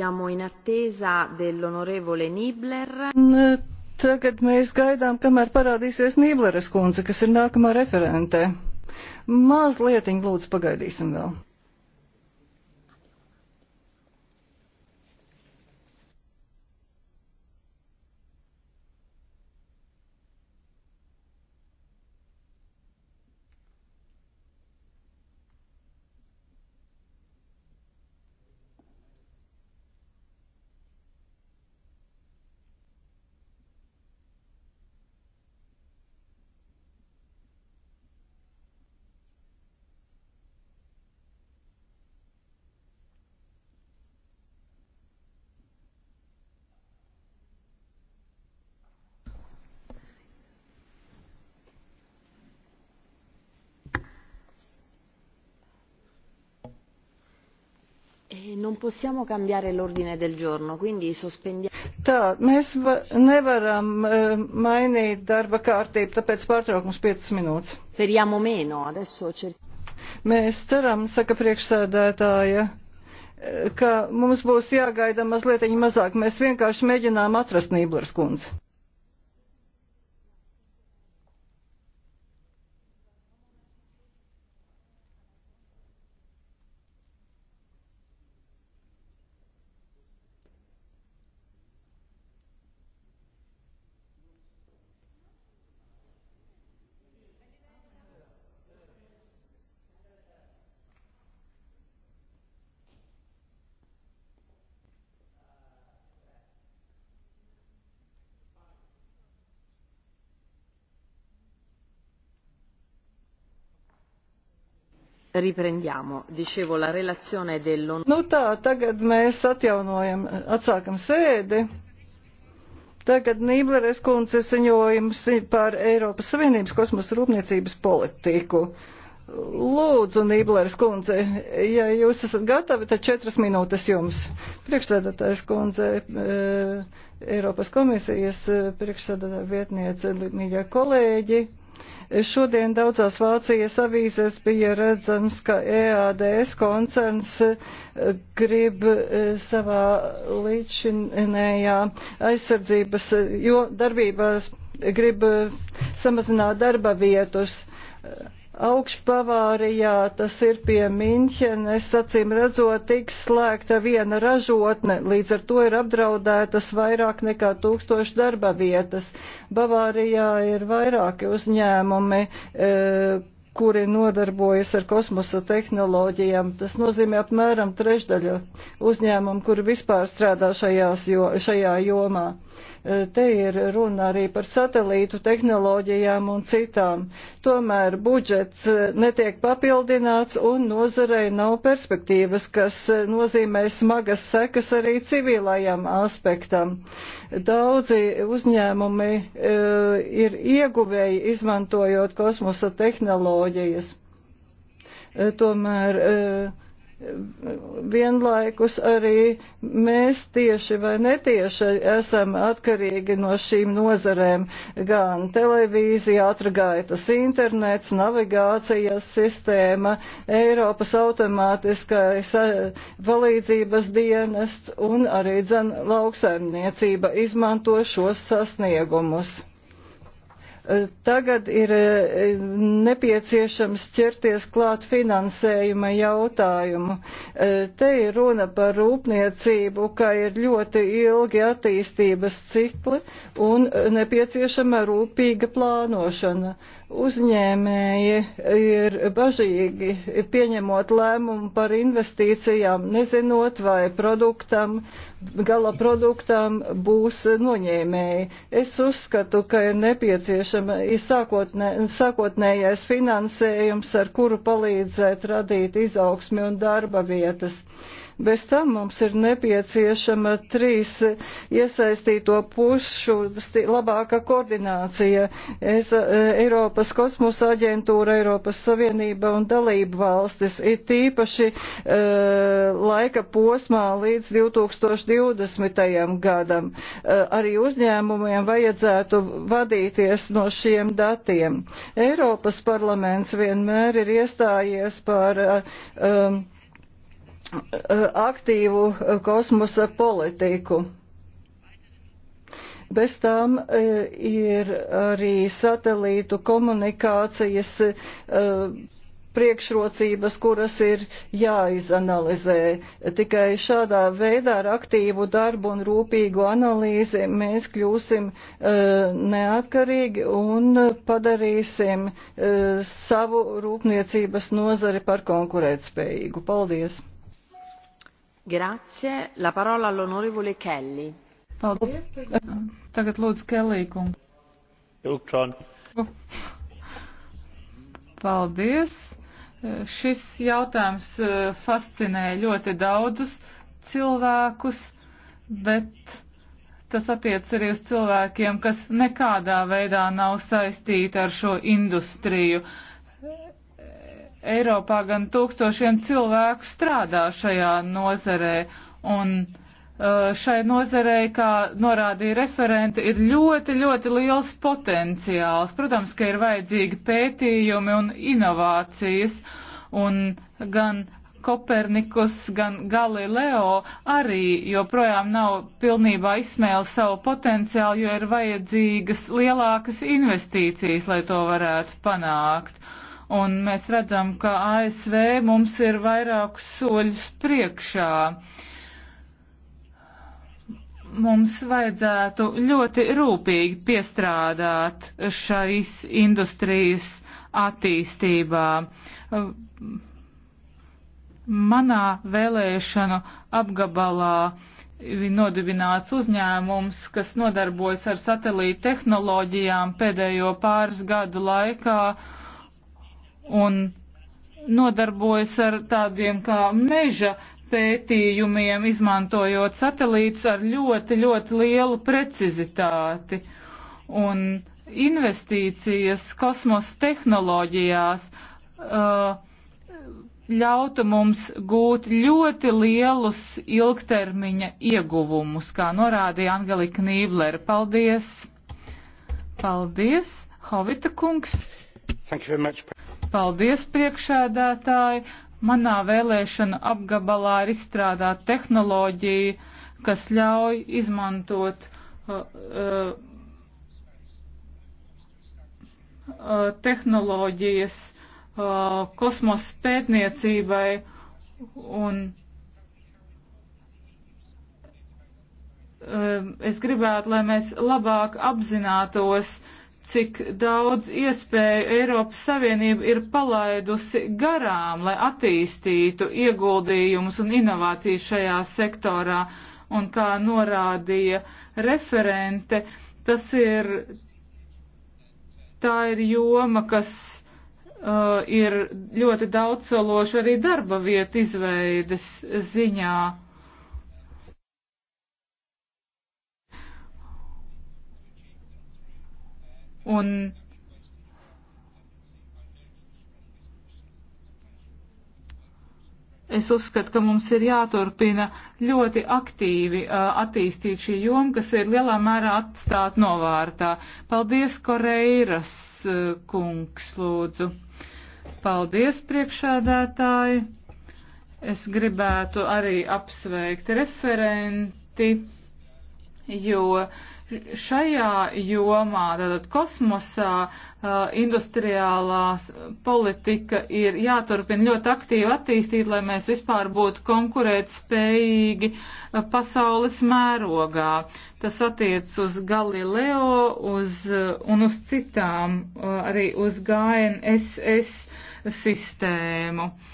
Siamo in attesa dell'onorevole Nibler. Tagad mēs gaidām, kamēr parādīsies Nībleres kundze, kas ir nākamā referente. Mazlietiņ lūdzu pagaidīsim vēl. non possiamo cambiare l'ordine del giorno, quindi sospendiamo. Tā, mēs va, nevaram uh, mainīt darba kārtību, tāpēc pārtraukums 5 minūtes. Speriamo meno, adesso cer... Mēs ceram, saka priekšsēdētāja, eh, ka mums būs jāgaida mazliet mazāk. Mēs vienkārši mēģinām atrast Nīblers kundzi. Riprendiamo. Dicevo, la relazione dell'on... Nu tā, tagad mēs atjaunojam, atsākam sēdi. Tagad Nībleres kundze ziņojums par Eiropas Savienības kosmosa rūpniecības politiku. Lūdzu, Nībleres kundze, ja jūs esat gatavi, tad četras minūtes jums. Priekšsēdētājs kundze, eh, Eiropas komisijas eh, priekšsēdētāja vietniece, mīļie kolēģi Šodien daudzās Vācijas avīzēs bija redzams, ka EADS koncerns eh, grib eh, savā līdzinējā aizsardzības eh, jo darbībās grib samazināt darba vietus. Augšbavārijā, tas ir pie Minhenes, acīm redzot, tiks slēgta viena ražotne, līdz ar to ir apdraudētas vairāk nekā tūkstoši darba vietas. Bavārijā ir vairāki uzņēmumi, e, kuri nodarbojas ar kosmosa tehnoloģijām. Tas nozīmē apmēram trešdaļu uzņēmumu, kuri vispār strādā šajās, jo, šajā jomā. Te ir runa arī par satelītu tehnoloģijām un citām. Tomēr budžets netiek papildināts un nozarei nav perspektīvas, kas nozīmē smagas sekas arī civilajam aspektam. Daudzi uzņēmumi e, ir ieguvēji izmantojot kosmosa tehnoloģijas. E, tomēr e, vienlaikus arī mēs tieši vai netieši esam atkarīgi no šīm nozarēm, gan televīzija, atragaitas internets, navigācijas sistēma, Eiropas automātiskais palīdzības eh, dienests un arī dzen lauksaimniecība izmanto šos sasniegumus. Eh, tagad ir eh, nepieciešams ķerties klāt finansējuma jautājumu. Eh, te ir runa par rūpniecību, ka ir ļoti ilgi attīstības cikli un nepieciešama rūpīga plānošana uzņēmēji ir bažīgi pieņemot lēmumu par investīcijām, nezinot, vai produktam, gala produktam būs noņēmēji. Es uzskatu, ka ir nepieciešama sākotnē, sākotnējais finansējums, ar kuru palīdzēt radīt izaugsmi un darba vietas Bez tam mums ir nepieciešama trīs iesaistīto pušu labāka koordinācija es, e, Eiropas kosmosa aģentūra, Eiropas Savienība un dalību valstis. It īpaši e, laika posmā līdz 2020. gadam. E, arī uzņēmumiem vajadzētu vadīties no šiem datiem. Eiropas parlaments vienmēr ir iestājies par um, Eh, aktīvu eh, kosmosa politiku. Bez tām eh, ir arī satelītu komunikācijas priekšrocības, kuras ir jāizanalizē. Tikai šādā veidā ar aktīvu darbu un rūpīgu analīzi mēs kļūsim uh, neatkarīgi un padarīsim uh, savu rūpniecības nozari par konkurētspējīgu. Paldies! Grazie. La parola all'onorevole Kelly. Paldies. Tagad lūdzu Kelly kungu. Ilgčon. Paldies. Šis jautājums e, fascinē ļoti daudzus cilvēkus, bet tas attiec arī uz cilvēkiem, kas nekādā veidā nav saistīti ar šo industriju. Uh, Eiropā gan tūkstošiem cilvēku strādā šajā nozarē, un uh, šai nozarei, kā norādīja referenti, ir ļoti, ļoti liels potenciāls. Protams, ka ir vajadzīgi pētījumi un inovācijas, un gan Kopernikus, gan Galileo arī joprojām nav pilnībā izsmēli savu potenciālu, jo ir vajadzīgas lielākas investīcijas, lai to varētu panākt. Uh, un mēs redzam, ka ASV mums ir vairākus soļus priekšā. Mums vajadzētu ļoti rūpīgi piestrādāt šais industrijas attīstībā. Manā vēlēšanu apgabalā nodibināts uzņēmums, kas nodarbojas ar satelīta tehnoloģijām pēdējo pāris gadu laikā un nodarbojas ar tādiem kā meža pētījumiem, izmantojot satelītus ar ļoti, ļoti lielu precizitāti. Un investīcijas kosmosa tehnoloģijās uh, ļautu mums gūt ļoti lielus ilgtermiņa ieguvumus, kā norādīja Angelika Nīblere. Paldies! Paldies, Hovita kungs! Thank you very much. Paldies, priekšēdētāji! Manā vēlēšana apgabalā ir izstrādāta tehnoloģija, kas ļauj izmantot uh, uh, uh, tehnoloģijas uh, kosmos pētniecībai un uh, es gribētu, lai mēs labāk apzinātos, uh, cik daudz iespēju Eiropas Savienība ir palaidusi garām, lai attīstītu ieguldījumus un inovācijas šajā sektorā. Un kā norādīja referente, tas ir, tā ir joma, kas uh, ir ļoti daudzsološa arī darba vietu izveides ziņā. Un Es uzskatu, ka mums ir jāturpina ļoti aktīvi uh, attīstīt šī joma, kas ir lielā mērā atstāt novārtā. Paldies, Koreiras uh, kungs, lūdzu. Paldies, priekšādētāji. Es gribētu arī apsveikt referenti, jo šajā jomā, tātad kosmosā, industriālās politika ir jāturpina ļoti aktīvi attīstīt, lai mēs vispār būtu konkurēt spējīgi pasaules mērogā. Tas attiec uz Galileo uz, un uz citām, arī uz GNSS sistēmu. Uh,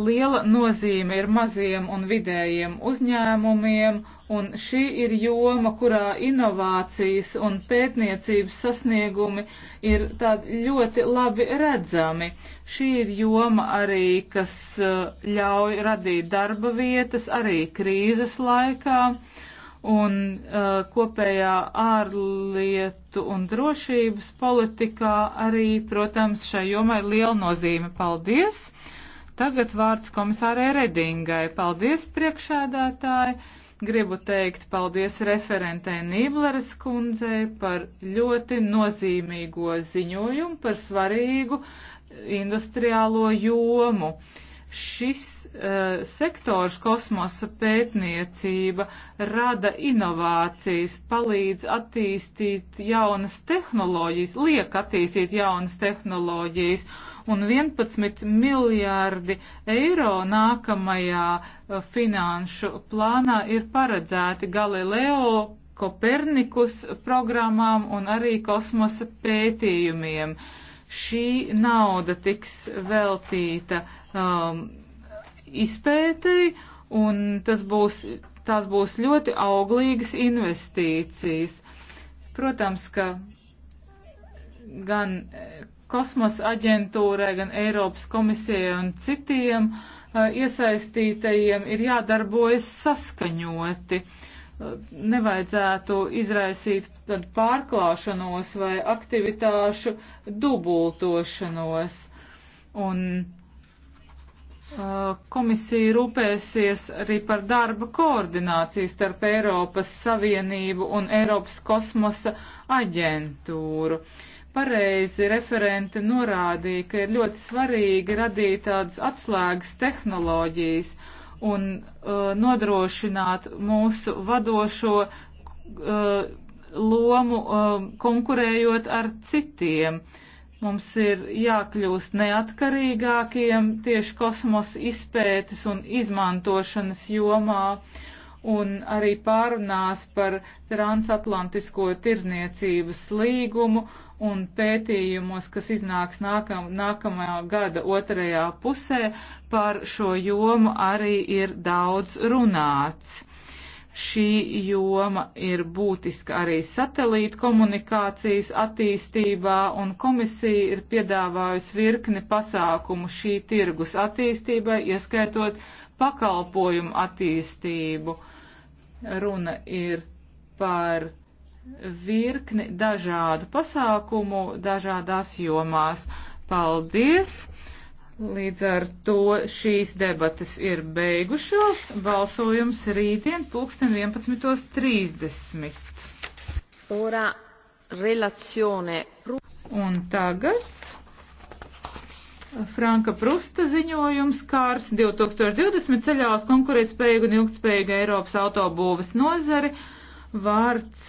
liela nozīme ir maziem un vidējiem uzņēmumiem, un šī ir joma, kurā inovācijas un pētniecības sasniegumi ir tādi ļoti labi redzami. Šī ir joma arī, kas eh, ļauj radīt darba vietas arī krīzes laikā, un uh, kopējā ārlietu un drošības politikā arī, protams, šai jomai liela nozīme. Paldies! Tagad vārds komisārai Redingai. Paldies, priekšēdētāji! Gribu teikt paldies referentē Nībleres kundzei par ļoti nozīmīgo ziņojumu par svarīgu industriālo jomu. Uh, Šis uh, sektors kosmosa pētniecība rada inovācijas, palīdz attīstīt jaunas tehnoloģijas, liek attīstīt jaunas tehnoloģijas un 11 miljārdi eiro nākamajā uh, finanšu plānā ir paredzēti Galileo Kopernikus programmām un arī kosmosa pētījumiem. Uh, šī nauda tiks veltīta um, izpētēji, un tas būs, tās būs ļoti auglīgas investīcijas. Protams, ka gan eh, kosmosa aģentūrai, gan Eiropas komisijai un citiem uh, iesaistītajiem ir jādarbojas saskaņoti. Uh, nevajadzētu izraisīt tad pārklāšanos vai aktivitāšu dubultošanos. Un Komisija rūpēsies arī par darba koordināciju starp Eiropas Savienību un Eiropas kosmosa aģentūru. Pareizi referente norādīja, ka ir ļoti svarīgi radīt tādas atslēgas tehnoloģijas, un uh, nodrošināt mūsu vadošo uh, lomu uh, konkurējot ar citiem. Mums ir jākļūst neatkarīgākiem tieši kosmosa izpētes un izmantošanas jomā un arī pārunās par transatlantisko tirzniecības līgumu un pētījumos, kas iznāks nākam, nākamajā gada otrajā pusē, par šo jomu arī ir daudz runāts. Šī joma ir būtiska arī satelīta komunikācijas attīstībā, un komisija ir piedāvājusi virkni pasākumu šī tirgus attīstībai, ieskaitot pakalpojumu attīstību. Runa ir par virkni dažādu pasākumu dažādās jomās. Paldies! Līdz ar to šīs debatas ir beigušos. Balsojums rītdien pulksten 11.30. Ora relazione. Un tagad. Franka Prusta ziņojums kārs 2020 ceļā uz konkurētspējīgu un ilgtspējīgu Eiropas autobūves nozari vārds